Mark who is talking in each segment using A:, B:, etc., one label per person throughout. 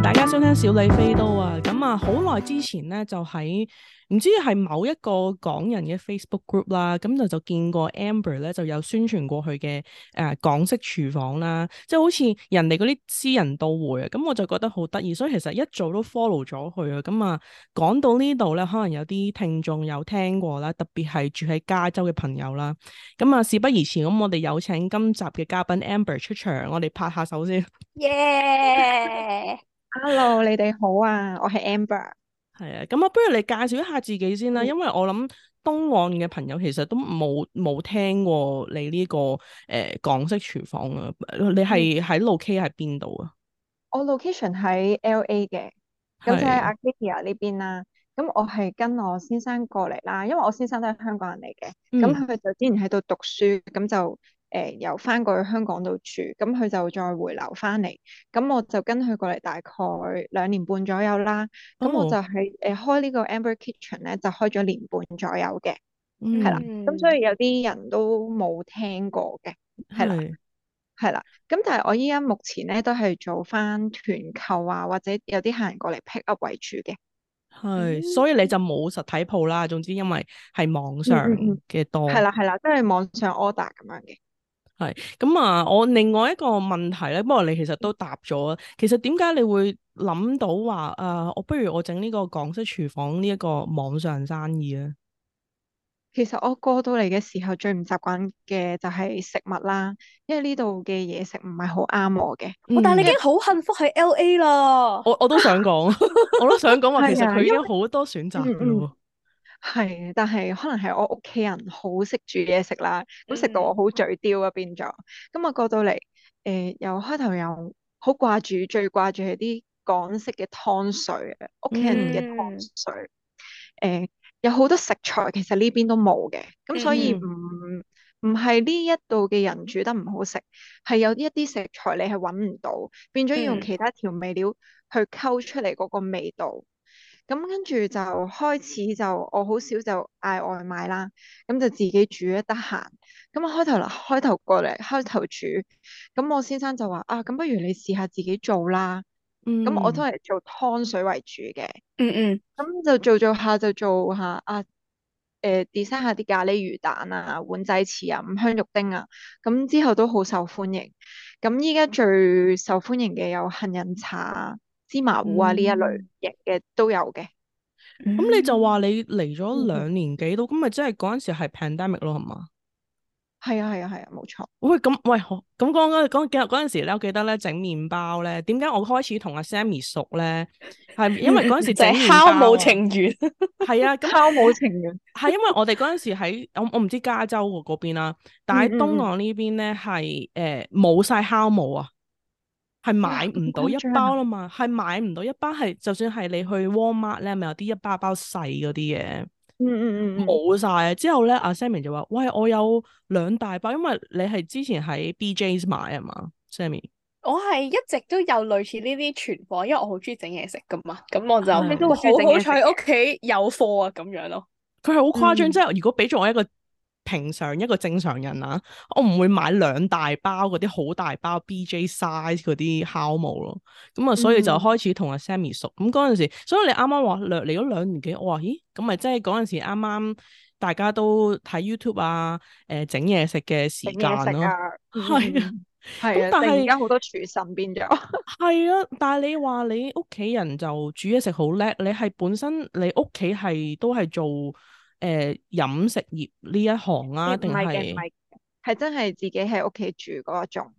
A: 大家想聽小李非都啊？咁啊，好耐之前咧就喺唔知係某一個港人嘅 Facebook group 啦，咁就就見過 Amber 咧，就有宣傳過去嘅誒、呃、港式廚房啦，即係好似人哋嗰啲私人到會啊，咁我就覺得好得意，所以其實一早都 follow 咗佢啊。咁啊，講到呢度咧，可能有啲聽眾有聽過啦，特別係住喺加州嘅朋友啦。咁啊，事不宜遲，咁我哋有請今集嘅嘉賓 Amber 出場，我哋拍下手先。y
B: Yeah! Hello，你哋好啊，我係 Amber。
A: 係啊，咁啊，不如你介紹一下自己先啦、啊，嗯、因為我諗東岸嘅朋友其實都冇冇聽過你呢、這個誒、呃、港式廚房啊。你係喺 location 喺邊度啊？
B: 嗯、我 location 喺 LA 嘅，咁就喺 Arcadia 呢邊啦。咁我係跟我先生過嚟啦，因為我先生都係香港人嚟嘅，咁佢、嗯、就之前喺度讀書，咁就。誒、呃、又翻過去香港度住，咁佢就再回流翻嚟。咁我就跟佢過嚟大概兩年半左右啦。咁、oh、我就喺誒、呃、開呢個 Amber Kitchen 咧，就開咗年半左右嘅，係、嗯、啦。咁所以有啲人都冇聽過嘅，係、嗯、
A: 啦，
B: 係啦。咁但係我依家目前咧都係做翻團購啊，或者有啲客人過嚟 pick up 為主嘅。
A: 係是，嗯、所以你就冇實體鋪啦。總之因為係網上嘅多，係啦係
B: 啦，即係網上 order 咁樣嘅。
A: 係咁啊！我另外一個問題咧，不過你其實都答咗。其實點解你會諗到話誒、啊，我不如我整呢個港式廚房呢一個網上生意咧？
B: 其實我過到嚟嘅
A: 時候，最唔習
B: 慣嘅就係食物啦，因為呢度嘅嘢食唔係好啱我嘅、嗯哦。但係你已經好幸福喺 L.A. 咯。我我都想講，
A: 我都想講話， 我都想講其實佢已經有好多選擇㗎喇。 嗯嗯
B: 係，但係可能係我屋企人好識煮嘢食啦，咁食到我好嘴刁啊，變咗。咁我過到嚟，誒、呃，又開頭又好掛住，最掛住係啲港式嘅湯水，屋企人嘅湯水。誒、嗯呃，有好多食材其實呢邊都冇嘅，咁所以唔唔係呢一度嘅人煮得唔好食，係有一啲食材你係搵唔到，變咗要用其他調味料去溝出嚟嗰個味道。嗯嗯咁跟住就開始就我好少就嗌外賣啦，咁就自己煮一得閒咁開頭啦，開頭過嚟，開頭煮咁我先生就話啊，咁不如你試下自己做啦。咁、嗯、我都係做湯水為主嘅，嗯嗯，咁就做做下就做下啊，誒、呃，design 下啲咖喱魚蛋啊，碗仔翅啊，五香肉丁啊，咁之後都好受歡迎。咁依家最受歡迎嘅有杏仁茶。芝麻糊，就是，啊，呢一類型嘅都有嘅。
A: 咁你就話你嚟咗兩年幾度，咁咪即係嗰陣時係 pandemic 咯，係嘛？
B: 係啊，係啊，係啊，冇錯。
A: 喂，咁喂，咁講講講嗰陣時咧，我記得咧整麵包咧，點解我開始同阿 Sammy 熟咧？係因為嗰陣時整酵母情緣。係 啊，酵母情緣。係因為我哋嗰陣時喺我我唔知加州嗰邊啦，但喺東岸呢邊咧係誒冇晒酵母啊。係買唔到一包啦嘛，係買唔到一包，係就算係你去 Walmart 咧，咪有啲一包一包細嗰啲嘢。嗯嗯嗯，
C: 冇
A: 晒啊。之後咧，阿 Sammy 就話，喂，我有兩大包，因為你係之前喺 BJ's 買啊嘛，Sammy。
C: amy 我係一直都有類似呢啲存貨，因為我好中意整嘢食噶嘛，
A: 咁我就，你都好好彩屋
C: 企有貨啊，咁樣咯。
A: 佢係好誇張，即係如果俾咗我一個。平常一個正常人啊，我唔會買兩大包嗰啲好大包 B.J. size 嗰啲酵母咯。咁啊，所以就開始同阿 Sammy 熟。咁嗰陣時，所以你啱啱話兩嚟咗兩年幾，我、哦、話咦，咁咪即係嗰陣時啱啱大家都睇 YouTube 啊，誒整嘢食嘅時間咯。
B: 係啊，係但係而家好多廚神變咗。
A: 係是 啊，但係你話你屋企人就煮嘢食好叻，你係本身你屋企係都係做。誒，飲食業呢一行啊，定係
B: 係真係自己喺屋企煮嗰一種？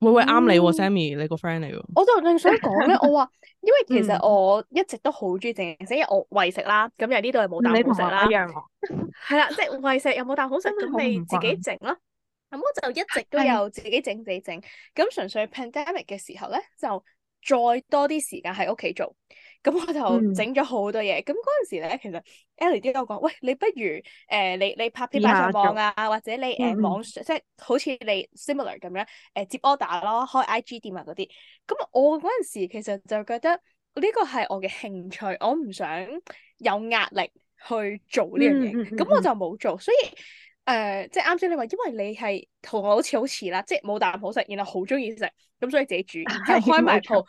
A: 會會、啊，啱你、嗯、，Sammy，你個 friend 嚟㗎。我
C: 就正想講咧，我話，因為其實我一直都好中意整食，因為我為食啦，咁又呢度又冇蛋好食啦。一樣。係啦、 嗯， 即係為食又冇蛋好食，準備自己整咯。咁、 嗯、我就一直都有自己整自己整，咁純的、嗯、粹 pandemic 嘅時候咧，就再多啲時間喺屋企做。咁我就整咗好多嘢，咁嗰陣時咧，其實 Ellie 啲都講，喂，你不如誒、呃、你你拍片擺上網啊，嗯、或者你誒網上、嗯、即係好似你 similar 咁樣誒接 order 咯，開 IG 店啊嗰啲。咁我嗰陣時其實就覺得呢個係我嘅興趣，我唔想有壓力去做呢樣嘢，咁、嗯嗯、我就冇做。所以誒、呃，即係啱先你話，因為你係同我好似好似啦，即係冇啖好食，然後好中意食，咁所以自己煮，然之後開埋鋪。沒錯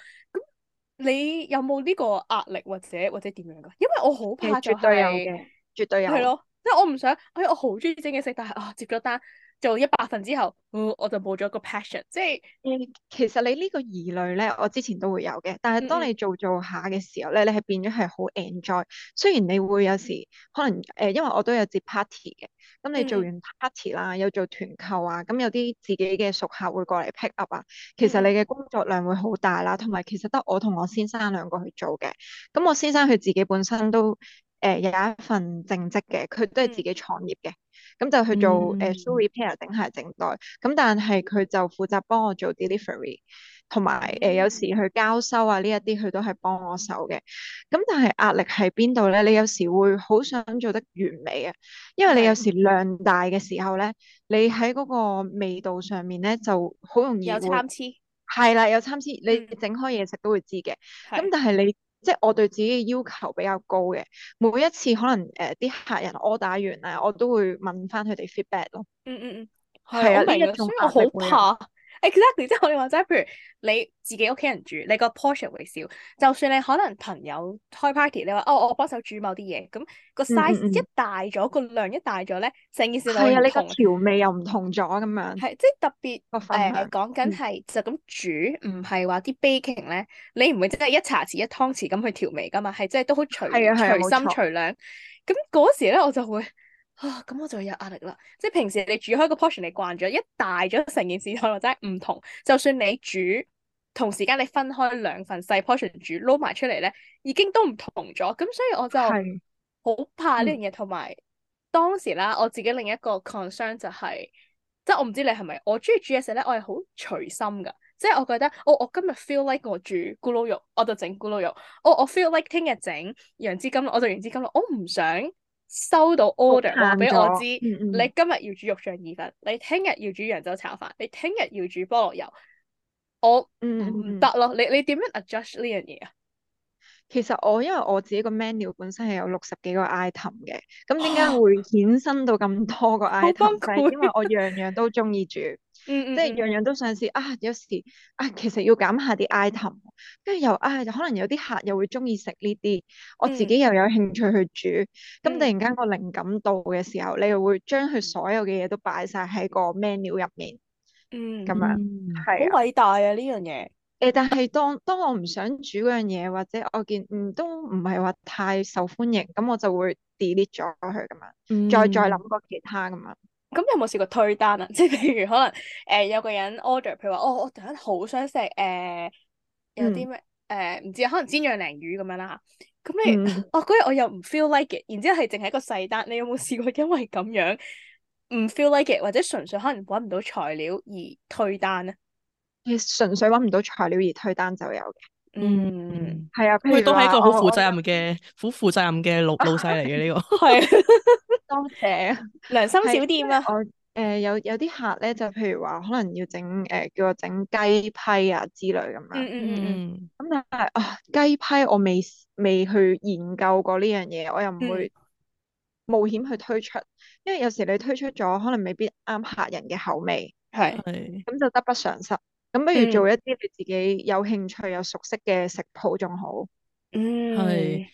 C: 你有冇呢個壓力或者或者點樣㗎？因為我好怕就係、是、絕對有嘅，絕對有係咯。即係我唔想，哎，我好中意整嘢食，但係啊，接咗單。做一百份之後，我、嗯、我就冇咗個 passion、就是。即係、嗯、其實你呢個疑
B: 慮咧，我之前都會有嘅。但係當你做做下嘅時候咧，你係變咗係好 enjoy。雖然你會有時可能誒、呃，因為我都有接 party 嘅，咁你做完 party 啦，有做團購啊，咁有啲自己嘅熟客會過嚟 pick up 啊。其實你嘅工作量會好大啦，同埋其實得我同我先生兩個去做嘅。咁我先生佢自己本身都～誒有一份正職嘅，佢都係自己創業嘅，咁就去做誒 shoe repair 定係整袋，咁但係佢就負責幫我做 delivery，同埋誒有時去交收啊呢一啲佢都係幫我手嘅，咁但係壓力喺邊度咧？你有時會好想做得完美啊，因為你有時量大嘅時候咧，你喺嗰個味道上面咧就好容易有參差，係啦有參差，你整開嘢食都會知嘅，咁但係你。即係我對自己嘅要求比較高嘅，每一次可能誒啲、呃、客人 order 完啊，我都會問翻佢哋 feedback 咯。嗯嗯嗯，
C: 係、hmm. 啊，呢啊、oh my，雖然我好怕。Exactly，即係我哋話，即係譬如你自己屋企人煮，你個 portion 會少。就算你可能朋友開 party，你話哦，我幫手煮某啲嘢，咁、個 size 一大咗，個、嗯嗯、量一大咗咧，成件事就係、啊、你個調
B: 味又唔同咗咁
C: 樣。係，即係特別誒講緊係就咁煮，唔係話啲 baking 咧，你唔會即係一茶匙一湯匙咁去調味噶嘛，係，即係都好隨、啊啊、隨心錯隨量。咁嗰時咧我就會。啊，咁我就有壓力啦。即係平時你煮開個 portion 你慣咗，一大咗成件事可能真係唔同。就算你煮同時間你分開兩份細 portion 煮撈埋出嚟咧，已經都唔同咗。咁所以我就好怕呢樣嘢。同埋是當時啦，我自己另一個 concern 就係、是，即係我唔知你係咪。我中意煮嘢食候咧，我係好隨心噶。即係我覺得，我、哦、我今日 feel like 我煮咕嚕肉，我就整咕嚕肉。哦、我我 feel like 聽日整楊枝甘露，我就楊枝甘露。我唔想。收到 order 話俾我知，嗯嗯你今日要煮肉醬意粉，嗯嗯你聽日要煮揚州炒飯，你聽日要煮菠蘿油，我唔得咯。你你點樣 adjust 呢樣嘢啊？
B: 其實我因為我自己個 menu 本身係有六十幾個 item 嘅，咁點解會衍生到咁多個 item？就係 因為我樣樣都中意煮。嗯，嗯，即係樣樣都想試啊，有時啊，其實要減下啲 item，跟住又啊，可能有啲客又會中意食呢啲，我自己又有興趣去煮，咁、嗯、突然間個靈感到嘅時候，嗯、你又會將佢所有嘅嘢都擺晒喺個 menu 入面，嗯，
C: 咁樣，係、啊，好偉大啊
B: 呢樣嘢，誒、欸，但係當當我唔想煮嗰樣嘢，或者我見嗯都唔係話太受歡迎，咁我就會 delete 咗佢咁樣，再再諗過其他咁樣。嗯
C: 咁有冇試過推單啊？即係譬如可能誒、呃、有個人 order，譬如話哦我突然好想食誒、呃、有啲咩誒唔知可能煎釀鯪魚咁樣啦、啊、吓。咁你、嗯、哦嗰日我又唔 feel like it，然之後係淨係一個細單，你有冇試過因為咁樣唔 feel like it，或者純粹可能搵唔到材料而推單咧？
B: 誒，純粹搵唔到材料而推單就有嘅。嗯，係啊，佢都係一個好負責
A: 任嘅、好負、哦、責任嘅老老細嚟嘅呢個，係、 啊，
B: 多謝，良心小店啊！我誒有有啲客咧，就譬如話可能要整誒，叫我整雞批啊之類咁樣，嗯嗯咁、嗯、但係啊雞批我未未去研究過呢樣嘢，我又唔會冒險去推出，嗯、因為有時你推出咗，可能未必啱客人嘅口味，係，咁是就得不償失。咁不如做一啲你自己有興趣、有熟悉嘅食譜仲好。嗯，係。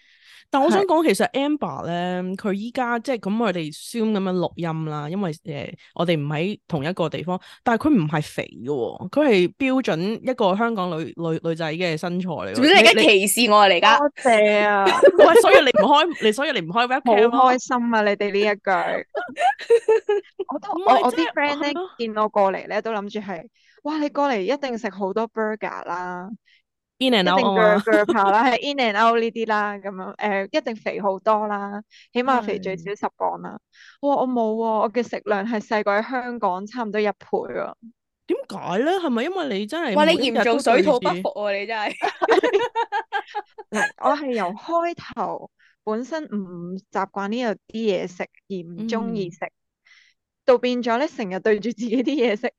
A: 但我想講，其實 Amber 咧，佢依家即係咁，我哋 zoom 咁樣錄音啦，因為誒、呃，我哋唔喺同一個地方。但係佢唔係肥嘅，佢係標準一個香港女女女仔嘅身材嚟。而家歧
C: 視我啊？而家？多謝啊！ 喂，所
A: 以你唔開，你所以你唔開，我好開
C: 心啊！你哋呢一句， 我都我我啲
B: friend 咧見我過嚟咧，都諗住係。哇！你過嚟一定食好多 burger 啦
A: ，in and out，burger 啦，係
B: in and out 呢啲啦，咁樣誒、呃，一定肥好多啦，起碼肥最少十磅啦。是哇！我冇喎、啊，我嘅食量係細過喺香港差唔多一倍啊。
A: 點解咧？係咪因為你真係？哇！你嚴重水土不服
C: 喎、啊，你真
B: 係。 我係由開頭本身唔習慣呢度啲嘢食，而唔中意食，嗯、到變咗咧，成日對住自己啲嘢食。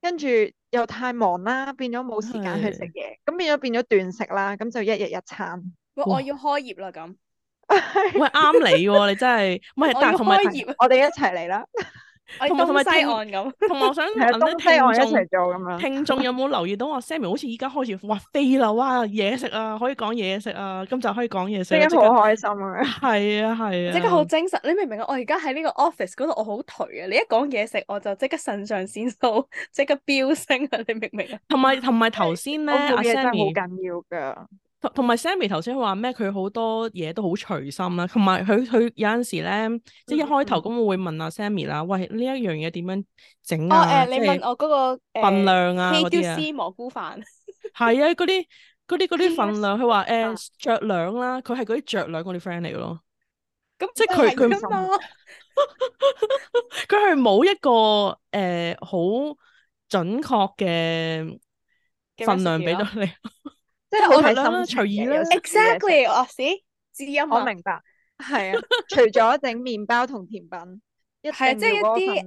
B: 跟住又太忙啦，變咗冇時間去的食嘢，咁變咗變咗斷食啦，咁就一日一餐。
C: 喂，我要開業啦咁，
B: 我係
A: 啱
C: 你喎，你真係，唔係但係同埋，我哋一齊嚟啦。同埋同埋西岸咁，
B: 同埋我想同、 嗯、做。
A: 聽眾，聽眾有冇留意到啊？Sammy 好似依家開始哇，飛喇啊，嘢食啊，可以講嘢食啊，咁就可以講嘢食。即刻好開心啊！係啊係啊！即、啊、刻好
C: 精神，你明唔明啊？我而家喺呢個 office 嗰度，我好頹啊！你一講嘢食，我就即刻腎上腺素即刻飆升啊！你明唔明啊？
A: 同埋同埋頭先咧，真係好緊要噶。同埋 Sammy 頭先話咩？佢好多嘢都好隨心啦，同埋佢佢有陣時咧，嗯嗯即係一開頭咁會問阿 Sammy 啦，喂，呢一樣嘢點樣整哦，誒、呃，你即是 問我
C: 嗰、嗰個誒、呃、分量啊，嗰啲啊蘑菇飯
A: 係 啊，嗰啲嗰啲啲分量，佢話誒酌量啦，佢係嗰啲酌量嗰啲 friend 嚟咯。咁、嗯嗯、即係佢佢佢係冇一個誒好、呃、準確嘅份量俾到、啊、
C: 你。即係好睇心，隨意啦。Exactly，我試知陰。我明白，
B: 係啊。除咗整麵包同甜品，係啊，即係一啲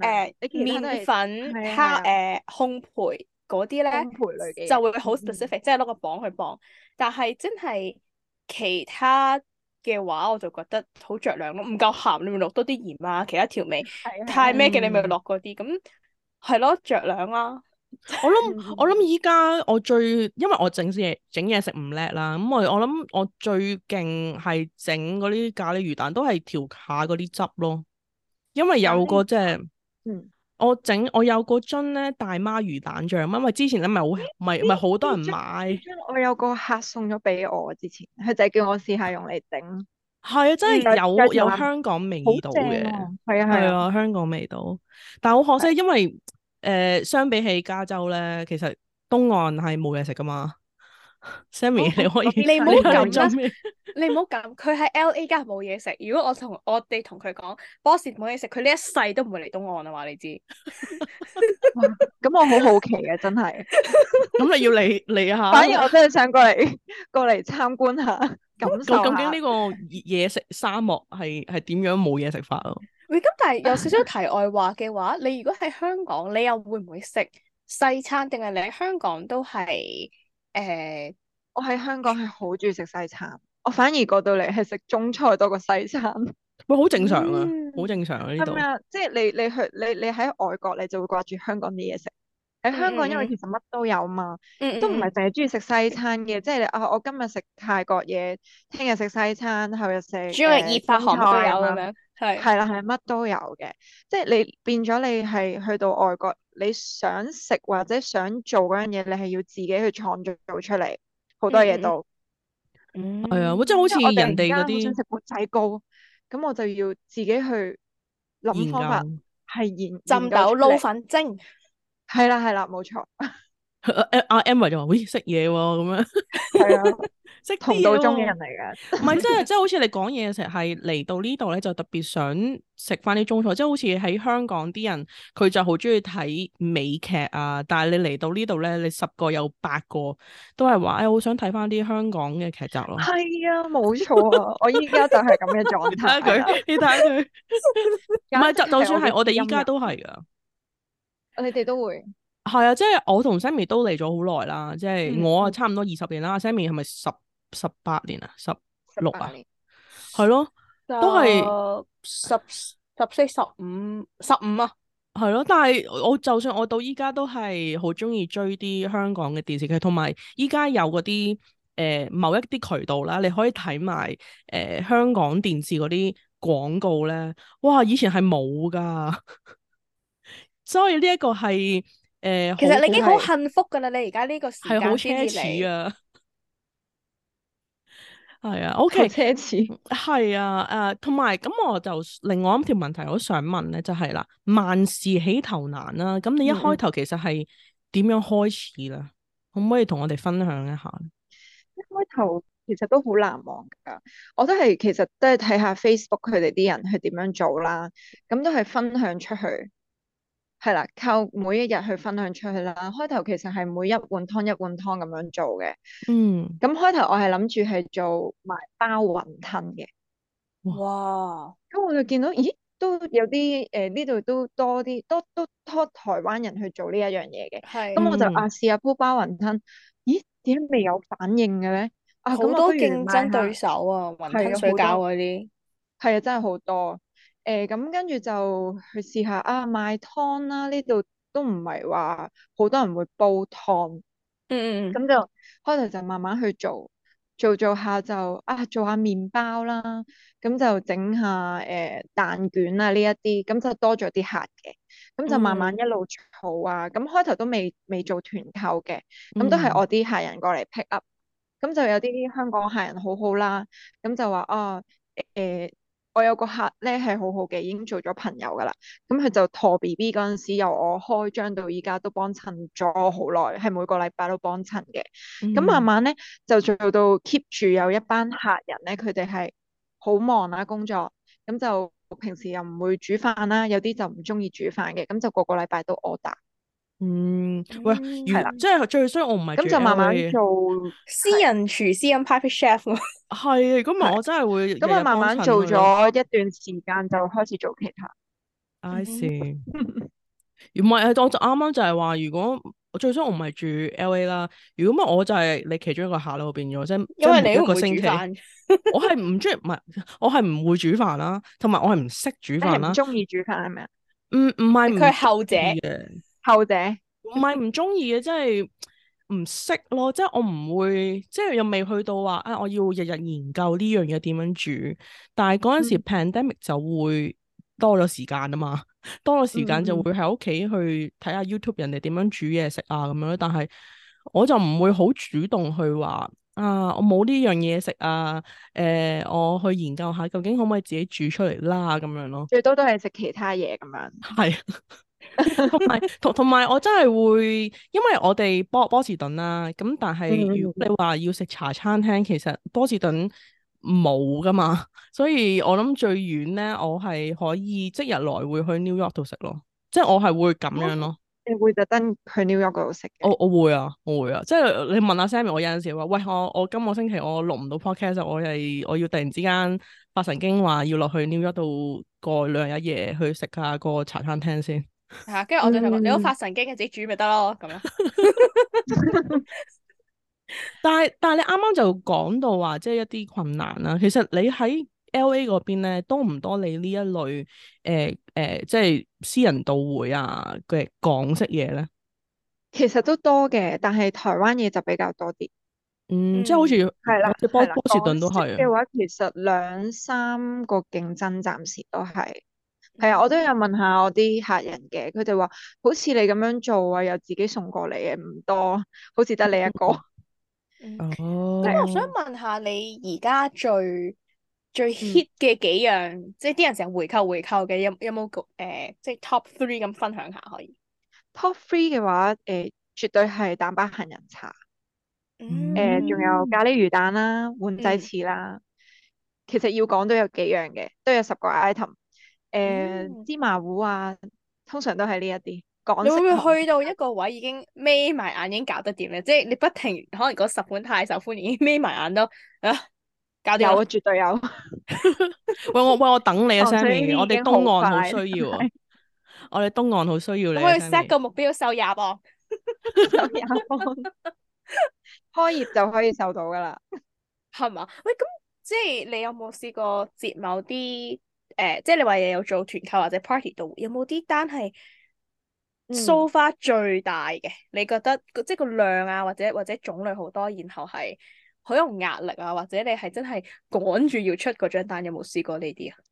B: 誒麵粉、黑
C: 烘焙嗰啲咧，烘焙類嘅就會好 specific，即係攞個磅去磅。但係真係其他嘅話，我就覺得好酌量咯，唔夠鹹你咪落多啲鹽啊，其他調味係啊，太咩嘅你咪落嗰啲。咁係咯，酌量啦。
A: 我諗我諗依家我最，因為我整嘢整嘢食唔叻啦，咁我我諗我最勁係整嗰啲咖喱魚蛋，都係調下嗰啲汁咯。因為有個即係，嗯，我整我有個樽咧，大媽魚蛋醬，因為之前咧咪好咪咪好多人買，
B: 我有個客送咗俾我之前，佢就叫我試下用嚟整。
A: 係啊，真係有有香港味道嘅，係啊係啊，香港味道。但係好可惜，因為。誒、呃，相比起加州咧，其實東岸係冇嘢食噶嘛。Sammy，Okay, 你可以你唔好噉，
C: 你唔好噉佢喺 L A 家冇嘢食。如果我同我哋同佢講，波士頓冇嘢食，佢呢一世都唔會嚟東岸啊，話你知。
B: 咁 我好好奇啊，真係。咁 你要嚟嚟下，反而我
C: 真係想過嚟 過嚟參觀下，感受下。咁究竟
A: 呢個嘢食沙漠係係點樣冇嘢食法咯。
C: 咁但係有少少題外話嘅話，你如果喺香港，你又會唔會食西餐？定係你喺香港都係誒？呃、我喺香港係好中意食西餐，
B: 我反而過到嚟係食中菜多過西餐。
A: 咪好正常啊！好正常啊！呢度，
B: 即係你你去你你喺外國你就會掛住香港啲嘢食。喺香港因為其實乜都有嘛，嗯、都唔係淨係中意食西餐嘅。即係啊，我今日食泰國嘢，聽日食西餐，後日食。呃、主要係二百行都有咁樣。啊。係係啦，係乜都有嘅，即係你變咗你係去到外國，你想食或者想做嗰樣嘢，你係要自己去創造出嚟，好多嘢都
A: 係啊，嗯嗯、即係好似人哋啲。想食
B: 缽仔糕，咁我，我就要自己去諗方法，係研，究研，研浸豆撈粉蒸，係啦係啦，冇錯。
A: 阿 Emma 就話：，好似，識嘢喎，咁樣，係啊，識、啊、 同道中嘅人嚟噶。唔 係，即係，即係，好似你講嘢嘅時候，係嚟到呢度咧，就特別想食翻啲中菜。即、就、係、是、好似喺香港啲人，佢就好中意睇美劇啊。但係你嚟到呢度咧，你十個有八個都係話：，哎，好想睇翻啲香港嘅劇集咯。係
B: 啊，冇錯啊，我依家
A: 就係咁嘅狀態。你睇佢，你睇
B: 佢，唔係，就就算係我哋依家都係噶， 你哋都會。
A: 係啊，即係我同 Sammy 都嚟咗好耐啦，即係我啊差唔多二十年啦，Sammy 係咪十十八年啊？十六啊，係咯年、
C: 啊，都係十十四、十五、十五啊，係咯、啊，但
A: 係我就算我到依家都係好中意追啲香港嘅電視劇，同埋依家有嗰啲誒某一啲渠道啦，你可以睇埋誒香港電視嗰啲廣告咧，哇，以前係冇噶， 所以呢一個係。誒，呃、其實你已經好幸
C: 福噶啦，是你而家呢個時候好奢侈嚟。係啊，
A: 我好 Yeah, okay. 奢侈，係啊、yeah, uh,，誒，同埋咁我就另外一條問題，我想問咧就係、是、啦，萬事起頭難啦、啊，咁你一開頭其實係點樣開始咧？嗯、可唔可以同我哋分享一下？
B: 一開頭其實都好難忘噶，我都係其實都係睇下 Facebook 佢哋啲人係點樣做啦，咁都係分享出去。係啦，靠每一日去分享出去啦。開頭其實係每一碗湯一碗湯咁樣做嘅。嗯。咁開頭我係諗住係做埋包雲吞嘅。哇！咁我就見到，咦，都有啲誒，呢度都多啲，都都拖台灣人去做呢一樣嘢嘅。係。咁我就啊試下煲包雲吞，咦，點未有反應嘅咧？
C: 啊，好多競爭對手啊，雲吞水餃嗰啲。
B: 係啊，真係好多。誒咁跟住就去試下啊，賣湯啦！呢度都唔係話好多人會煲湯，嗯，嗯嗯，咁就開頭就慢慢去做做做下就啊，做下麵包啦，咁就整下誒、呃、蛋卷啊呢一啲，咁就多咗啲客嘅，咁就慢慢一路儲啊。咁、嗯、開頭都未未做團購嘅，咁都係我啲客人過嚟 pick up，咁就有啲香港客人好好啦，咁就話哦誒。啊呃呃呃我有個客咧係好好嘅，已經做咗朋友噶啦。咁佢就陀 B B 嗰陣時，由我開張到依家都幫襯咗好耐，係每個禮拜都幫襯嘅。咁慢慢咧就做到 keep 住有一班客人咧，佢哋係好忙啦，工作，咁就平時又唔會煮飯啦，有啲就唔中意煮飯嘅，咁就個個禮
C: 拜都
A: order。嗯，喂，係啦，即係最衰我唔係咁就慢慢做
C: 私人廚師咁 part time chef 咯。係，咁咪我真
A: 係會咁啊，慢慢做
C: 咗一
B: 段時間就
C: 開始做其他。I
A: see，唔係啊，我就啱啱就係話，如果我最衰我唔係住 LA 啦，如果咪我就係你其中一個下樓變咗，即你一個星期。我係唔中意唔係，我係唔會煮飯啦，同埋我係唔識煮飯啦。中意煮飯係咪啊？唔唔係佢係後者。後者唔係唔中意嘅，即係唔識咯。 即係我唔會，即係又未去到話、哎、啊，啊，我要日日研究呢樣嘢點樣煮。但係嗰陣時 pandemic 就會多咗時間啊嘛，多咗時間就會喺屋企去睇下 YouTube 人哋點樣煮嘢食啊咁樣。但係我就唔會好主動去話啊，我冇呢樣嘢食啊，誒，我去研究下究竟可唔可以自己煮出嚟啦咁樣咯。
B: 最多都係食其他嘢咁樣。係。
A: 同埋同同埋， 我真係會，因為我哋波波士頓啦、啊。咁但係，如果你話要食茶餐廳， 其實波士頓冇噶嘛，所以我諗最遠咧，我係可以即日來回去 New York 度食咯。即係我係會咁樣咯，
B: 你會特登去 New York 度食？我我會啊，我會啊。
A: 即係你問阿 Sammy，我有陣時話喂，我我今個星期我錄唔到 podcast，我係、就係、我要突然之間發神經話要落去 New York 度過兩日一夜去食下個茶餐廳先。
C: 係跟住我就話、嗯、你好發神經，自己煮咪得咯咁樣。
A: 但係但係你啱啱就講到話，即、就、係、是、一啲困難啦。其實你喺 L A 嗰邊咧，多唔多你呢一類誒誒、呃呃，即係私人到會啊嘅港式嘢咧？
B: 其實都多嘅，但係台灣嘢就比較多啲。嗯，
A: 即係好似
B: 係啦，嗯、波的波士頓都係嘅話，其實兩三個競爭暫時都係。係啊、嗯，我都有問下我啲客人嘅，佢哋話好似你咁樣做啊，又自己送過嚟嘅唔多，好似得你一個。
C: 咁我想問下你而家最最 hit 嘅幾樣，嗯、即係啲人成日回購回購嘅，有有冇個、呃、即係 top three 咁分享下可以？top three 嘅話，誒、呃、絕對係蛋白杏仁茶，誒仲、嗯呃、有咖
B: 喱魚蛋啦、碗仔翅啦。嗯、其實要講都有幾樣嘅，都有十個 item。
C: 誒，嗯、芝
B: 麻糊啊，通常都係呢一啲。你會唔會去
C: 到一個位已經眯埋眼已經搞得掂咧？即係你不停可能嗰十款太受歡迎，眯埋眼都啊，搞掂。有啊，絕對有。
A: 喂我喂我等你一聲， 哦、我哋東岸好嗎需要、啊。 我哋東岸好需要你。我 set
C: 個目標瘦廿磅，廿磅開業就可以瘦到噶啦，係 嘛？喂，咁即係你有冇試過接某啲？誒、呃，即係你話又有做團購或者 party 度，有冇啲單係、嗯 so far 最大嘅？你覺得即係個量啊，或者或者種類好多，然後係好有壓力啊，或者你係真係趕住要出嗰張單，有冇試過呢啲啊？誒、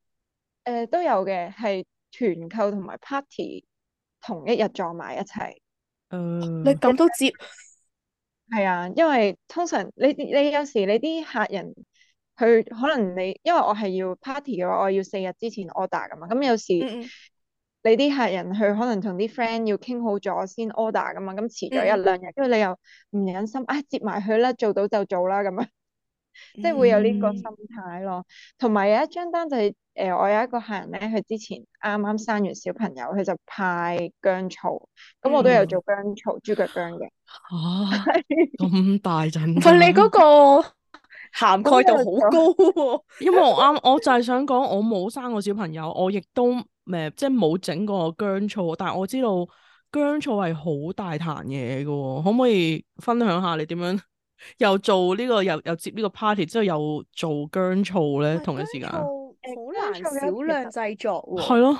C: 呃，都有嘅，係團購同埋 party 同一
B: 日撞埋一齊。
A: 嗯。你
B: 咁都接？係啊，因為通常你你有時你啲客人。佢可能你，因為我係要 party 嘅話，我要四日之前 order 噶嘛。咁有時、嗯、你啲客人去，可能同啲 friend 要傾好咗先 order 噶嘛。咁遲咗一兩日，跟住、嗯、你又唔忍心啊、哎，接埋佢啦，做到就做啦咁樣。即係會有呢個心態咯。同埋、嗯、有一張單就係、是、誒、呃，我有一個客人咧，佢之前啱啱生完小朋友，佢就派薑醋。咁、嗯、我都有做薑醋豬腳薑嘅。
C: 嚇！咁大陣。 問你嗰、嗰個涵蓋度好高、啊，因為我啱，
A: 我就係想講，我冇生過小朋友，我亦都，誒，即係冇整過姜醋，但係我知道姜醋係好大壇嘢嘅，可唔可以分享下你點樣又做呢、這個又又接呢個 party 之後又做姜醋咧？同一時間
C: 姜醋好難少
B: 量製作，係咯，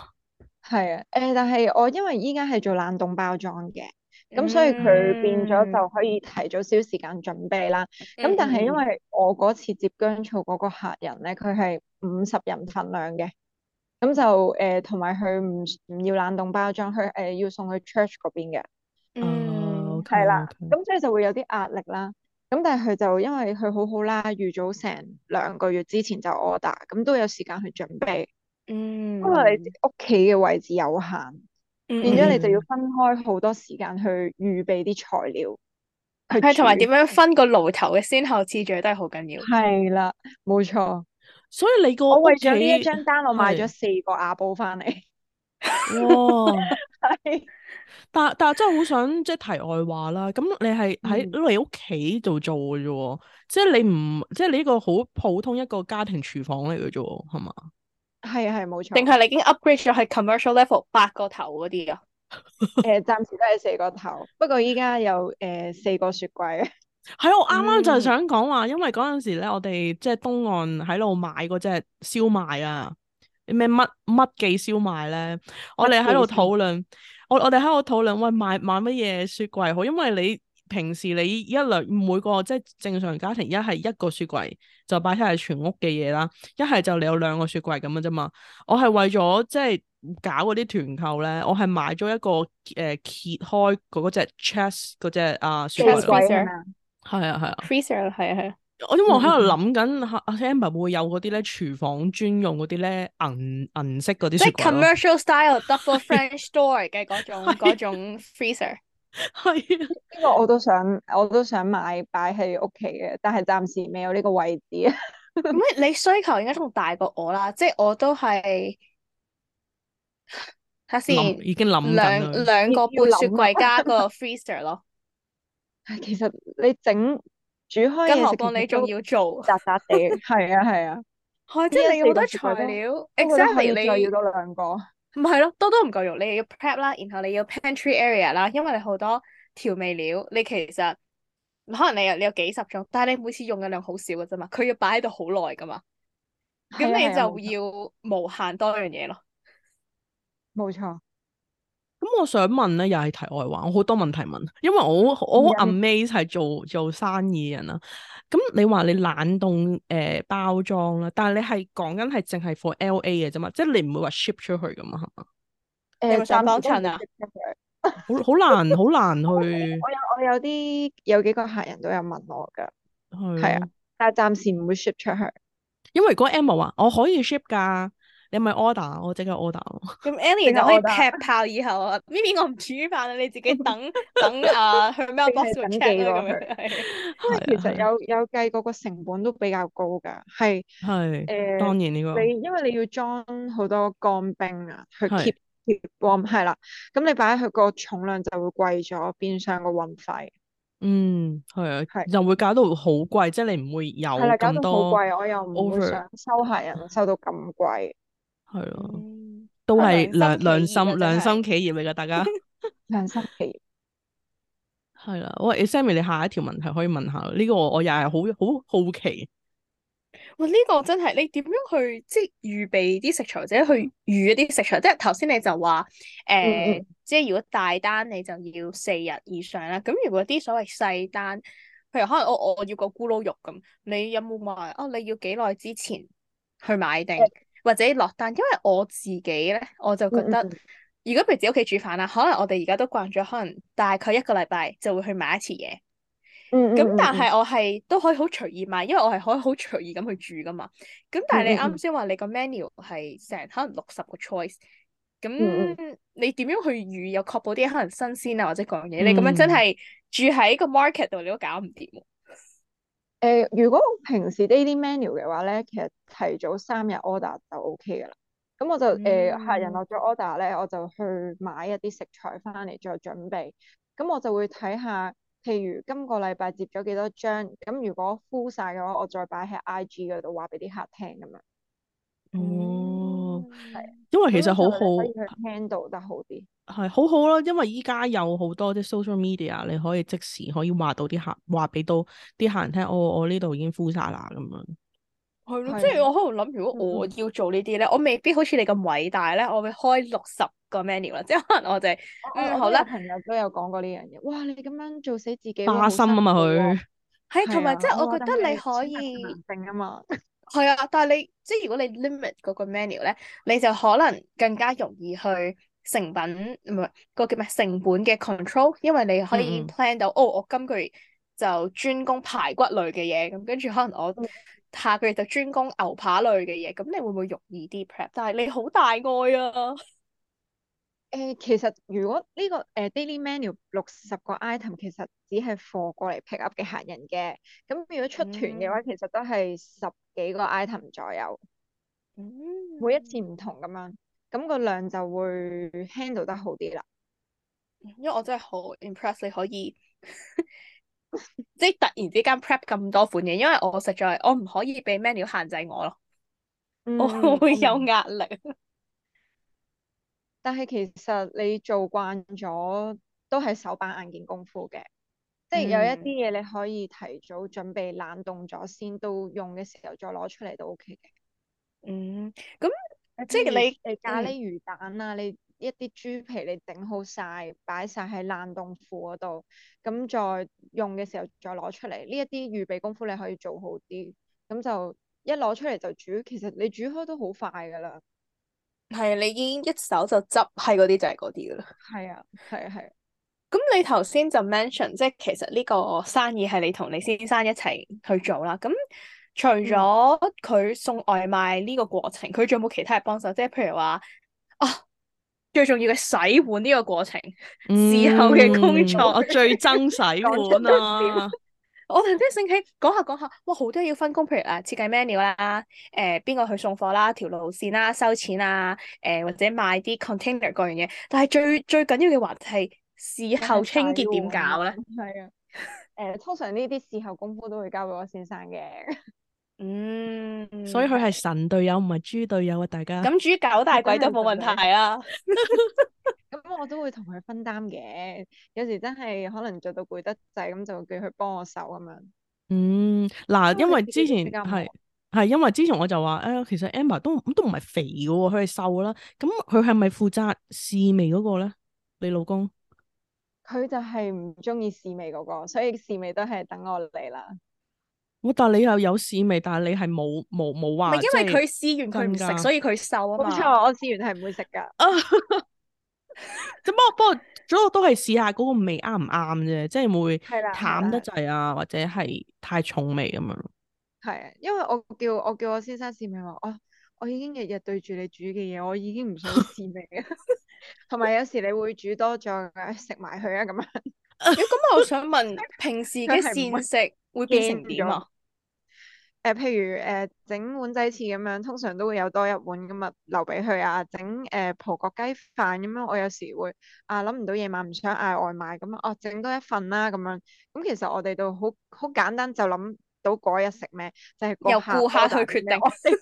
B: 係啊，誒、啊呃，但係我因為依家係做冷凍包裝嘅。咁、嗯嗯、所以佢變咗就可以提早少時間準備啦。咁、嗯、但係因為我嗰次接薑醋嗰個客人咧，佢係五十人份量嘅，咁就誒同埋佢唔唔要冷凍包裝，佢誒、呃、要送去 church 嗰邊嘅。嗯，係、okay, 啦。咁 okay.、嗯、所以就會有啲壓力啦。咁但係佢就因為佢好好啦，預早成兩個月之前就 order，咁都有時間去準備。
C: 嗯。因為你屋企嘅位
B: 置有限。
C: 然之後你就要分
B: 開好多時間去預備啲材料，
C: 係同埋點樣分個爐頭嘅先後次序都係好緊要。係
B: 啦，冇錯。所以
A: 你
C: 個我為咗呢一張單，的我買咗四個瓦煲翻嚟。
A: 哇！ 的但但係真係好想即係、就是、題外話啦。咁你係喺你屋企度做嘅啫、嗯，即係你唔即係你呢個好普通一個家庭廚房嚟嘅啫，係嘛？
C: 係係冇錯，定係你已經 upgrade 咗係 commercial level 八個頭嗰啲㗎？誒、
B: 呃，暫時都係四個頭，不過依家有誒、呃、四個雪櫃。
A: 係、 哎、我啱啱就係想講話，因為嗰陣時咧，我哋即係東岸喺度買嗰隻燒賣啊，咩乜乜記燒賣咧麼，我哋喺度討論，我我哋喺度討論喂買買乜嘢雪櫃好，因為你。平時你一兩每個即係正常家庭，一係一個雪櫃就擺晒係全屋嘅嘢啦，一係就你有兩個雪櫃咁嘅啫嘛。我係為咗即係搞嗰啲團購咧，我係買咗一個誒揭開嗰隻 chest 嗰隻啊雪櫃，係啊係啊
C: ，freezer 係啊係啊。我因為喺度諗
A: 緊阿 Amber 會有嗰啲咧廚房專用嗰啲咧銀銀色嗰啲，即 commercial
C: style double French door 嘅嗰
B: 種 freezer。係啊，呢 個我都想，我都想買擺喺屋
C: 企嘅，但係暫時未有呢個位置啊。 你需求應該仲大過我啦，即係我都係睇下先，已經諗兩兩個半雪櫃加個 freezer 咯。 其實你整煮開嘢食，更何況你仲要做雜雜地，係啊係啊，啊 即係你要好多材料 多兩，exactly 你要要到兩個。唔係咯，多多唔夠用，你又要 prep 啦，然後你要 pantry area 啦，因為你好多調味料，你其實可能你有你有幾十種，但係你每次用嘅量好少嘅啫嘛，佢要擺喺度好耐噶嘛，咁你就要無限多樣嘢咯，冇錯，啊。
A: 咁、嗯、我想問咧，又係題外話，我好多問題問，因為我我 amazed 係做做生意嘅人啦、啊。咁、嗯嗯、你話你冷凍誒包裝啦，但係你係講緊係淨係 for LA 嘅啫嘛，即係你唔會話 ship 出去噶嘛？誒，三層
C: 啊， 好
A: 好難，好難去。
B: 我有我有啲有，有，有幾個客人都有問我噶，係啊，
A: 啊，但係暫時唔會 ship 出去，因為嗰個 Emma 話，我可以 ship 噶。你咪 order，我即刻 order 咁 Annie 就可以劈
C: 炮，以後咪咪我唔煮飯啦，你自己等等啊去咩 box 度 check 咯咁樣。
A: 啊，其實
B: 有有計嗰個成本都比較高噶，係
A: 係誒，
C: 當然呢個你
B: 因為你要裝好多乾冰啊，去 keep keep warm 係啦，咁你擺佢個重量就會貴咗，變相個運費。
A: 嗯，係啊，係就會搞到好貴，即係你唔會有咁多。貴，我又唔會想
B: 收客人收到咁貴。
A: 係咯，嗯、都係良良，良心良心企業嚟噶，大家良心企業係啦。喂，Sammy，欸、你下一條問題可以問下呢、呢個我又係好好好奇。
C: 喂，呢個真係你點樣去即係預備啲食材或者去預一啲食材？即係頭先你就話誒，呃、嗯嗯即係如果大單你就要四日以上啦。咁如果啲所謂細單，譬如可能我我要個咕嚕肉咁，你有冇話啊？你要幾耐之前去買定？或者落單，因為我自己咧，我就覺得，如果譬如自己屋企煮飯啦，可能我哋而家都慣咗，可能大概一個禮拜就會去買一次嘢。嗯，嗯，嗯，嗯。咁但係我係都可以好隨意買，因為我係可以好隨意咁去住噶嘛。咁但係你啱先話你個 menu 係成可能六十個 choice，咁你點樣去預又確保啲可能新鮮啊或者講嘢？你咁樣真係住喺個 market 度，你都搞唔掂。
B: 誒、呃，如果平時 daily menu 嘅話咧，其實提早三日 order 就 OK 㗎啦。咁我就誒、mm hmm. 呃，客人落咗 order 咧，我就去買一啲食材翻嚟再準備。咁我就會睇下，譬如今個禮拜接咗幾多張，咁如果 full 晒嘅話，我再擺喺 IG 嗰度話俾啲客聽咁樣。嗯、mm。Hmm. 係，因為其實好好可以 handle 得好啲，
A: 係好好啦。因為依家有好多啲 social media，你可以即時可以話到啲客，話俾到啲客人聽。我我呢度已經 full 晒啦咁樣，
C: 係咯。即係我可能諗，如果我要做呢啲咧，我未必好似你咁偉大咧。我會開六十個 menu 啦，即係可能我哋好多朋友都有講過呢樣嘢。哇，你咁樣做死自己，花心啊嘛佢，係同埋即係我覺得你可以。係啊，但係你即係如果你 limit 嗰個 menu 咧，你就可能更加容易去成品唔係、個叫咩成本嘅 control，因為你可以 plan 到，嗯嗯，哦，我今個月就專攻排骨類嘅嘢，咁跟住可能我下個月就專攻牛扒類嘅嘢，咁你會唔會容易啲 prep？但係你好大愛啊！誒其實如果呢個
B: 誒、uh, daily menu 六十個 item 其實只係貨過嚟 pick up 嘅客人嘅，咁如果出團嘅話，嗯、其實都係十幾個 item 左右。嗯、每一次唔同咁樣，咁個量就會 handle 得好啲啦。
C: 因為我真係好 impress 你可以，即係突然之間 prep 咁多款嘢，因為我實在我唔可以俾 menu 限制我咯，嗯、我會有壓力。
B: 但係其實你做慣咗都係手板眼見功夫嘅，
C: 即係有一啲
B: 嘢你可以提早準備冷凍咗先，到用嘅時候再攞出嚟都 OK 嘅。
C: 嗯，咁如即係你你咖喱魚
B: 蛋啊，你一啲豬皮你整好晒，擺晒喺冷凍庫嗰度，咁再用嘅時候再攞出嚟，呢一啲預備功夫你可以做好啲，咁就一攞出嚟就煮。其實你煮開都好快㗎喇。
C: 係，你已經一手就執係嗰啲就係嗰啲噶啦。係啊，係啊，係啊。咁你頭先就 mention，即係其實呢個生意係你同你先生一齊去做啦。咁除咗佢送外賣呢個過程，佢仲、嗯、有冇其他嘅幫手？即係譬如話，啊，最重要嘅洗碗呢個過程，事後嘅工作，嗯、最憎洗碗啊！ 我哋即先醒起，講下講下，哇，好多嘢要分工，譬如啊，設計 menu 啦，誒、呃，邊個去送貨啦，條路線啦，收錢啊，誒、呃，或者賣啲 container 嗰樣嘢，但係最最緊要嘅話題，事後清潔點搞
B: 咧？係啊、嗯，誒、呃，通常呢啲事後功夫都會交俾我先生嘅。嗯，
A: 所以佢係神隊友唔係、嗯、豬隊友啊，大
C: 家。咁豬搞大鬼都冇問題啊，
B: 咁我都會同佢分擔嘅。有時真係可能做到攰得滯，咁就叫佢幫我手咁樣。嗯，
A: 嗱、嗯，嗯，因為之前係係因為之前我就話，誒、哎，其實 Amber 都都唔係肥嘅，佢係瘦啦。咁佢係咪負責試味嗰個咧？你老公？
B: 佢就係唔中意試味嗰個，所以試味都係等我嚟啦。
A: 我但，你又有試味，但係你係冇冇冇話。因為佢試完佢唔食，所以佢
B: 瘦啊嘛。冇錯，我試完係唔會食噶。
A: 咁不過不過，只不過都係試下嗰個味啱唔啱啫，即係會淡得滯啊，或者係太重味咁樣咯。
B: 係，因為我叫我叫我先生試味話，我我已經日日對住你煮嘅嘢，我已經唔想試味啊。同埋 有，有時你會煮多咗食埋佢啊，咁樣。咁我想問，平時嘅膳食？會變成點啊？誒，譬、呃、如誒，整、呃、碗仔翅咁樣，通常都會有多一碗咁啊，留俾佢啊。整、呃、誒葡國雞飯咁樣，我有時會啊諗唔到夜晚唔想嗌外賣咁啊，整多一份啦咁樣。咁其實我哋都好好簡單就諗到嗰日食咩，就係由顧客去決定。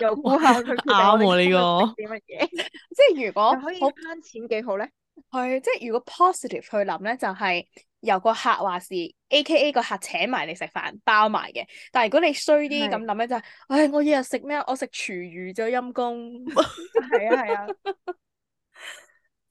C: 由顧客去，啱喎
B: 呢
A: 個。點乜嘢？
C: 即係 如果可以好慳錢幾好咧？係、嗯，即係如果 positive 去諗咧，就係、是。由個客話事，A K A 個客請埋你食飯包埋嘅。但係如果你衰啲咁諗咧，就係是，唉、哎，我日日食咩？我食廚餘啫，陰公。係啊
A: 係啊。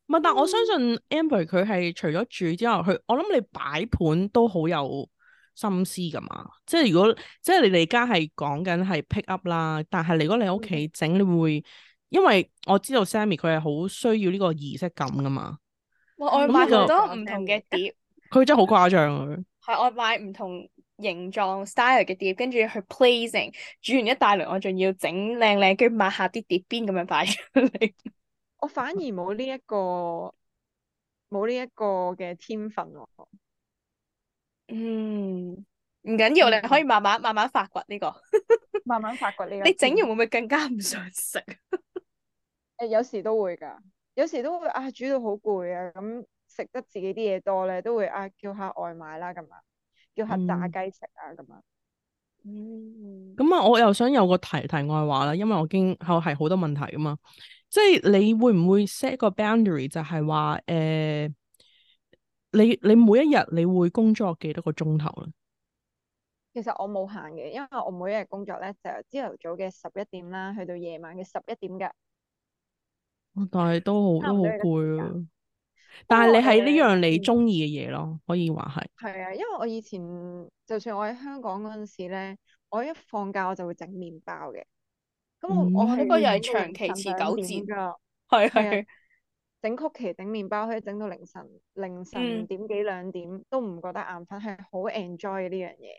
A: 唔係、啊， 嗯、但係我相信 Amber 佢係除咗煮之後，佢我諗你擺盤都好有心思噶嘛。即係如果即係你哋而家係講緊係 pick up 啦，但係如果你屋企整，你會、嗯、因為我知道 Sammy 佢係好需要呢個儀式感噶嘛。
C: 嗯、哇！我買咗好多唔同嘅碟。
A: 佢真係好誇張啊！
C: 係我買唔同形狀 style 嘅碟，跟住去 placing 煮完一大輪，我仲要整靚靚，跟住抹下啲碟邊咁樣擺出
B: 嚟。我反而冇呢一個冇呢一
C: 個嘅天分、啊。嗯，唔緊要，你可以慢慢、嗯、慢慢發掘呢、這個， 慢慢發掘呢個。你整完會唔會更加唔想食？
B: 誒、 欸，有時都會噶，有時都會啊，煮到好攰啊，咁。食得自己啲嘢多咧，都會啊叫下外賣啦，咁啊叫下炸雞食啊，咁啊。嗯。
A: 咁啊樣，嗯、我又想有個題題外話啦，因為我經後係好多問題㗎嘛。即係你會唔會 set 個 boundary 就係話誒，你你每一日你會工作幾多個鐘頭咧？
B: 其實我冇限嘅，因為我每一日工作咧就朝頭早嘅十一點啦，去到夜晚嘅十一點㗎。
A: 哇！但係都好都好攰啊～但係你係呢樣你中意嘅嘢咯，可以話係。
B: 係、嗯、啊，因為我以前就算我喺香港嗰陣時咧，我一放假我就會整麵包嘅。
C: 咁我、嗯、我呢個又係長期持久戰噶。係係、啊。
B: 整曲奇、整麵包可以整到凌晨凌晨，凌晨點幾兩點都唔覺得眼瞓，係好 enjoy 呢樣嘢。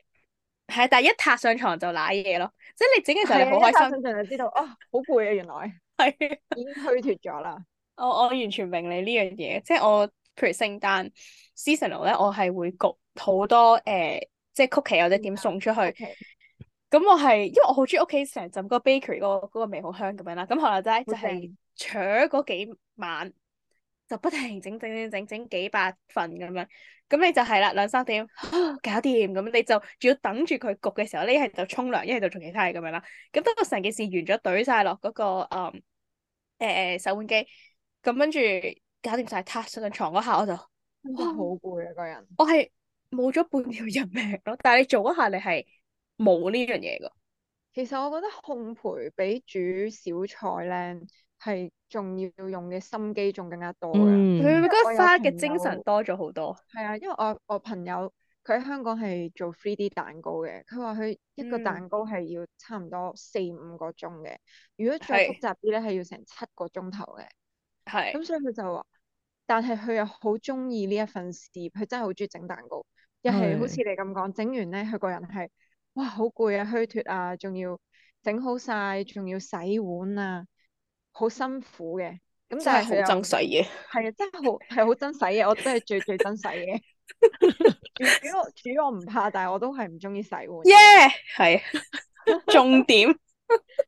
C: 係啊，但係一踏上床就瀨嘢咯，即係你整嘅時候你好開心，啊、上床就知道啊好攰啊，原
B: 來係、啊、已經虛脫咗啦。
C: 我我完全明你呢樣嘢，即係我譬如聖誕 seasonal 咧，我係會焗好多誒、呃，即係曲奇或者點送出去。咁我係因為我好中意屋企成陣嗰個 bakery 嗰嗰個味好香咁樣啦。咁後嚟就係除嗰幾晚就不停整整整整整幾百份咁樣。咁你就係啦，兩三點，啊、搞掂咁，你就仲要等住佢焗嘅時候，你一係就沖涼，一係就做其他嘢咁樣啦。咁當個成件事完咗，懟晒落嗰個誒誒、嗯呃、手腕機。咁跟住搞掂晒，踏上上床嗰下，我就哇好攰啊！個人我係冇咗半條人命咯。但係你做嗰下，你係冇呢樣嘢噶。
B: 其實我覺得烘焙比煮小菜咧係仲要用嘅心機仲更加多。佢會覺、嗯、得花嘅精神多咗好多。係啊，因為我我朋友佢喺香港係做 three D 蛋糕嘅。佢話佢一個蛋糕係要差唔多四五個鐘嘅，如果再複雜啲咧，係要成七個鐘頭嘅。係咁，嗯、所以佢就話，但係佢又好中意呢一份事業，佢真係好中意整蛋糕。又係好似你咁講，整完咧，佢個人係哇好攰啊，虛脫啊，仲要整好晒，仲要洗碗啊，好辛苦嘅。咁但係好憎洗嘢，係啊，真係好係好憎洗嘢，我真係最最憎洗嘢。 主要主要我唔怕，但係我都係唔中意洗碗。耶、
A: yeah，係重點。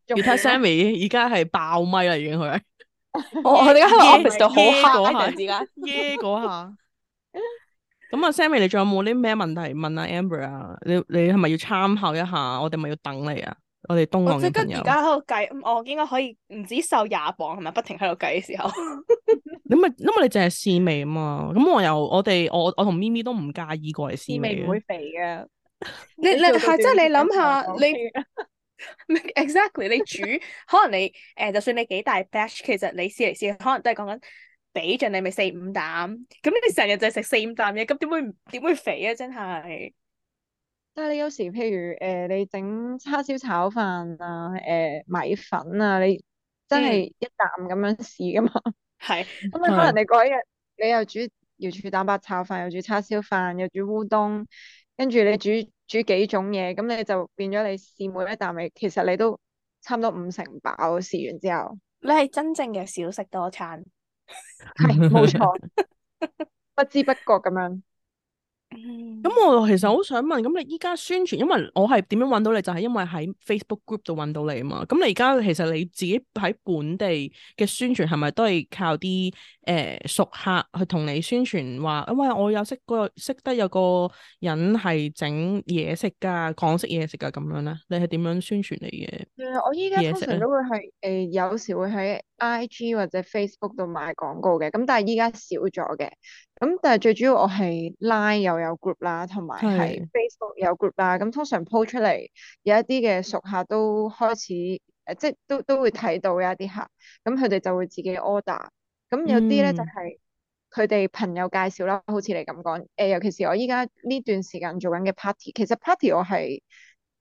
A: 重點了而家 Sammy 而家係爆咪啦，已經佢。
C: 我哋而家喺度 office
A: 度好黑呢？時間耶嗰下，咁啊 Sammy，你仲有冇啲咩問題問阿 Amber 你你係咪要參考一下？我哋咪要等你啊！我哋東岸即係而家
C: 喺度計，我應該可以唔止瘦廿磅，係咪不停喺度計嘅時候？
A: 你咪，因為你淨係試味啊嘛，咁我又我哋我我同咪咪都唔介意過嚟試味，唔會肥嘅。你你係即係你諗下你。
C: Exactly，你煮可能你誒、呃，就算你幾大 batch，其實你試嚟試，可能都係講緊俾盡你咪四五啖。咁你哋成日就係食四五啖嘢，咁點會點會肥啊？真係。但係你有時譬
B: 如誒、呃，你整叉燒炒飯啊，誒、呃、米粉啊，你真係一啖咁樣試㗎嘛。係、mm. 咁你可能你嗰一日 你又煮瑤柱蛋白炒飯，又煮叉燒飯，又煮烏冬，跟住你煮、mm.。煮幾種嘢，咁你就變咗你試每一啖味，其實你都差唔多五成飽。試完之後，
C: 你係真正嘅少食多餐，
A: 係 冇 錯，
C: 不知不覺咁樣。
A: 咁我其實好想問，咁你依家宣傳，因為我係點樣揾到你，就係、是、因為喺 Facebook group 度揾到你啊嘛。咁你而家其實你自己喺本地嘅宣傳係咪都係靠啲？誒、呃、熟客去同你宣傳話，因為我有識個識得有個人係整嘢食㗎，港式嘢食㗎咁樣啦。你係點樣宣傳嚟嘅？誒，
B: 我依家通常都會係誒呢、呃、有時會喺 IG 或者 Facebook 度買廣告嘅，咁但係依家少咗嘅。咁但係最主要我係 Line 又有 group 啦，同埋係 Facebook 有 group 啦。咁是通常 post 出嚟有一啲嘅熟客都開始誒、呃，即係都都會睇到一啲客咁，佢哋就會自己 order。咁、嗯、有啲咧就係佢哋朋友介紹啦，好似你咁講。誒、呃，尤其是我依家呢段時間做緊嘅 party，其實 party 我係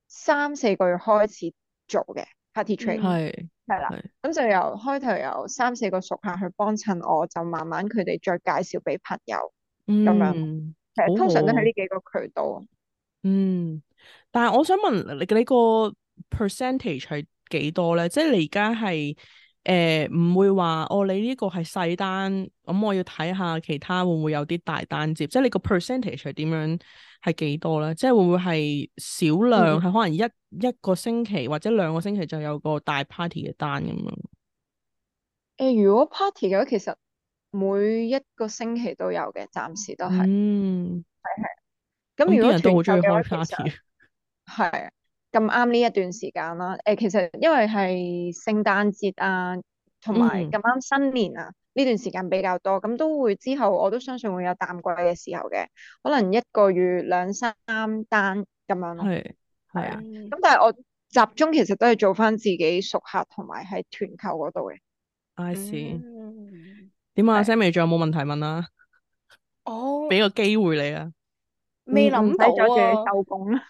B: 三四個月開始做嘅 party train 是。係係啦，咁是就由開頭有三四個熟客去幫襯，我就慢慢佢哋再介紹俾朋友咁、嗯、樣。其實通常都係呢幾個渠道。好好
A: 嗯，但係我想問你嘅呢個 percentage 係幾多咧？即係你而家係。誒唔、欸、會話哦，你呢個係細單，咁、嗯、我要睇下其他會唔會有啲大單接，即係你個 percentage 係點樣係幾多咧？即係會唔會係少量？係、嗯、可能一一個星期或者兩個星期就有個大 party 嘅單咁樣。
B: 誒、欸，如果 party 嘅話，其實每一個星期都有嘅，暫時都係。嗯，係係。咁如果啲人都好中意開 party，其實係。咁啱呢一段時間啦，誒、呃、其實因為係聖誕節啊，同埋咁啱新年啊，呢、嗯、段時間比較多，咁都會之後我都相信會有淡季嘅時候嘅，可能一個月兩三單咁樣咯，係係啊，咁但係我集中其實都係做翻自己熟客同埋喺團購嗰度
A: 嘅。I see、嗯。點啊，Sammy，仲有冇問題問啊？
C: 哦。俾
B: 個
A: 機會你啊。
B: 未諗到啊！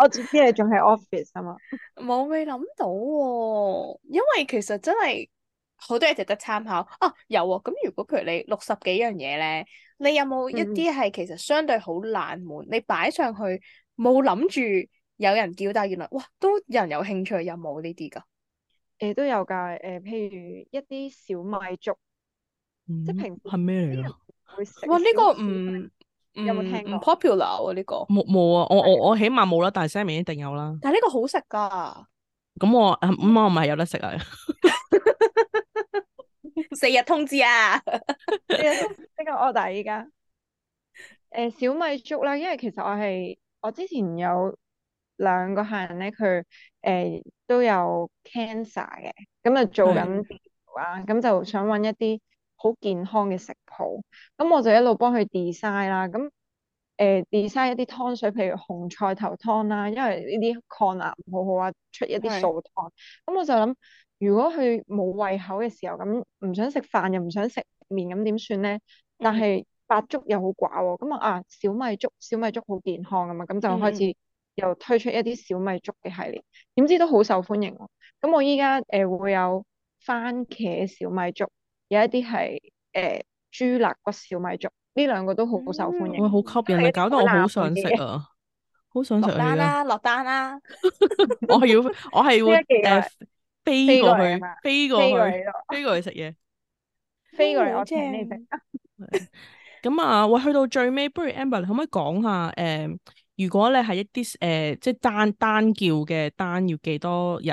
B: 我知你仲係 office 啊嘛，
C: 冇未諗到喎。因為其實真係好多嘢值得參考。哦、啊，有啊。咁如果譬如你六十幾樣嘢咧，你有冇一啲係其實相對好冷門？嗯、你擺上去冇諗住有人叫，但係原來哇，都有人有興趣有冇呢啲噶？誒，都有噶。誒、呃，譬如一啲小麥粥，
A: 嗯、即平時係咩嚟噶？會
C: 食哇？呢、這個唔～、嗯有冇聽過、嗯、唔 popular 啊呢、呢個。
A: 冇冇啊！我我我起碼冇啦，但係 Sammy 一定有啦。
C: 但係呢個好食噶。
A: 咁、嗯、我咁、嗯、我唔係有得食 通啊， 啊！
C: 四日通知啊！
B: 呢個我但係而家誒小米粥啦，因為其實我係我之前有兩個客人咧，佢誒、呃、都有 cancer 嘅，咁就做緊治療啊，咁的就想揾一啲。好健康嘅食譜，咁我就一路幫佢 design 啦，咁誒、呃、design 一啲湯水，譬如紅菜頭湯啦，因為呢啲抗癌好好啊，出一啲素湯，咁是我就諗，如果佢冇胃口嘅時候，咁唔想食飯又唔想食麵，咁點算咧？嗯、但係白粥又好寡喎，咁啊啊小米粥，小米粥好健康啊嘛，咁就開始又推出一啲小米粥嘅系列，點知都好受歡迎喎。咁我依家誒會有番茄小米粥。有一啲係誒豬肋骨小米粥，呢兩個都好受歡迎，嗯。哇，
A: 好吸引！你搞到我好想食啊，好想食依啲。落單啦，
C: 落單啦！
A: 我係要，我係會誒飛過去，飛過去，
C: 飛過，飛過去食嘢。飛過來，過去過來我請你食。
A: 咁、哦、 啊，喂，去到最尾，不如 Amber，可唔可以講下誒、呃？如果你係一啲誒、呃，即單單叫嘅單，要幾多日？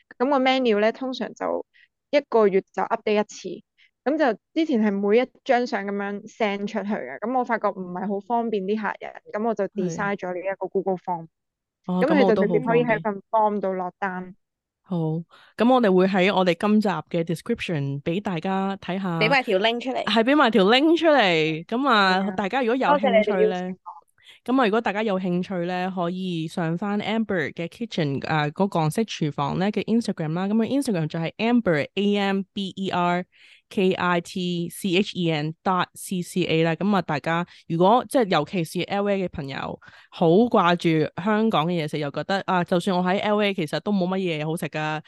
B: 咁個 menu 咧，通常就一個月就 update 一次，咁就之前係每一張相咁樣 send 出去嘅，咁我發覺唔係好方便啲客人，咁我就 design 咗一個 Google Form，
A: 咁佢、哦、就直接、哦、可以喺
B: 份 form 度落單。
A: 好，咁我哋會喺我哋今集嘅 description 俾大家睇下，俾埋
C: 條 link 出嚟，
A: 係俾埋條 link 出嚟，咁啊，的大家如果有興趣咧。謝謝咁啊，如果大家有興趣咧，可以上翻 Amber 嘅 Kitchen 誒、呃嗰個港式廚房咧嘅 Instagram 啦、啊。咁、嗰個 Inst e e、啊，Instagram 就係 Amber A M B E R Ber K I T C H E N dot C C A 啦。咁、嗯、啊，大家如果即係尤其是 LA 嘅朋友，好掛住香港嘅嘢食，又覺得啊，就算我喺 LA 其實都冇乜嘢好食噶，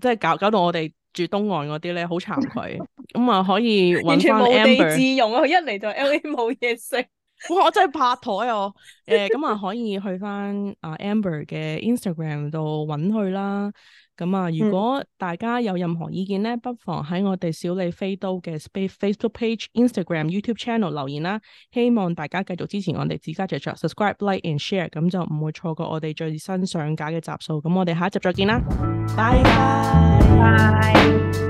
A: 即係搞搞到我哋住東岸嗰啲咧，好慚愧。咁啊、 嗯，可以揾翻 Amber。完全冇地自
C: 容啊！佢一嚟就 LA 冇
A: 嘢食。我我真係拍台哦，誒，咁啊，可以去翻阿 Amber 嘅 Instagram 度搵佢啦。咁啊，如果大家有任何意見咧，不妨喺我哋小李非都嘅 Space、Facebook Page、Instagram、YouTube Channel 留言啦。希望大家繼續支持我哋自家製作，Subscribe、Like and Share，咁就唔會錯過我哋最新上架嘅集數。咁、嗯、我哋下一集再見啦，拜拜 Bye。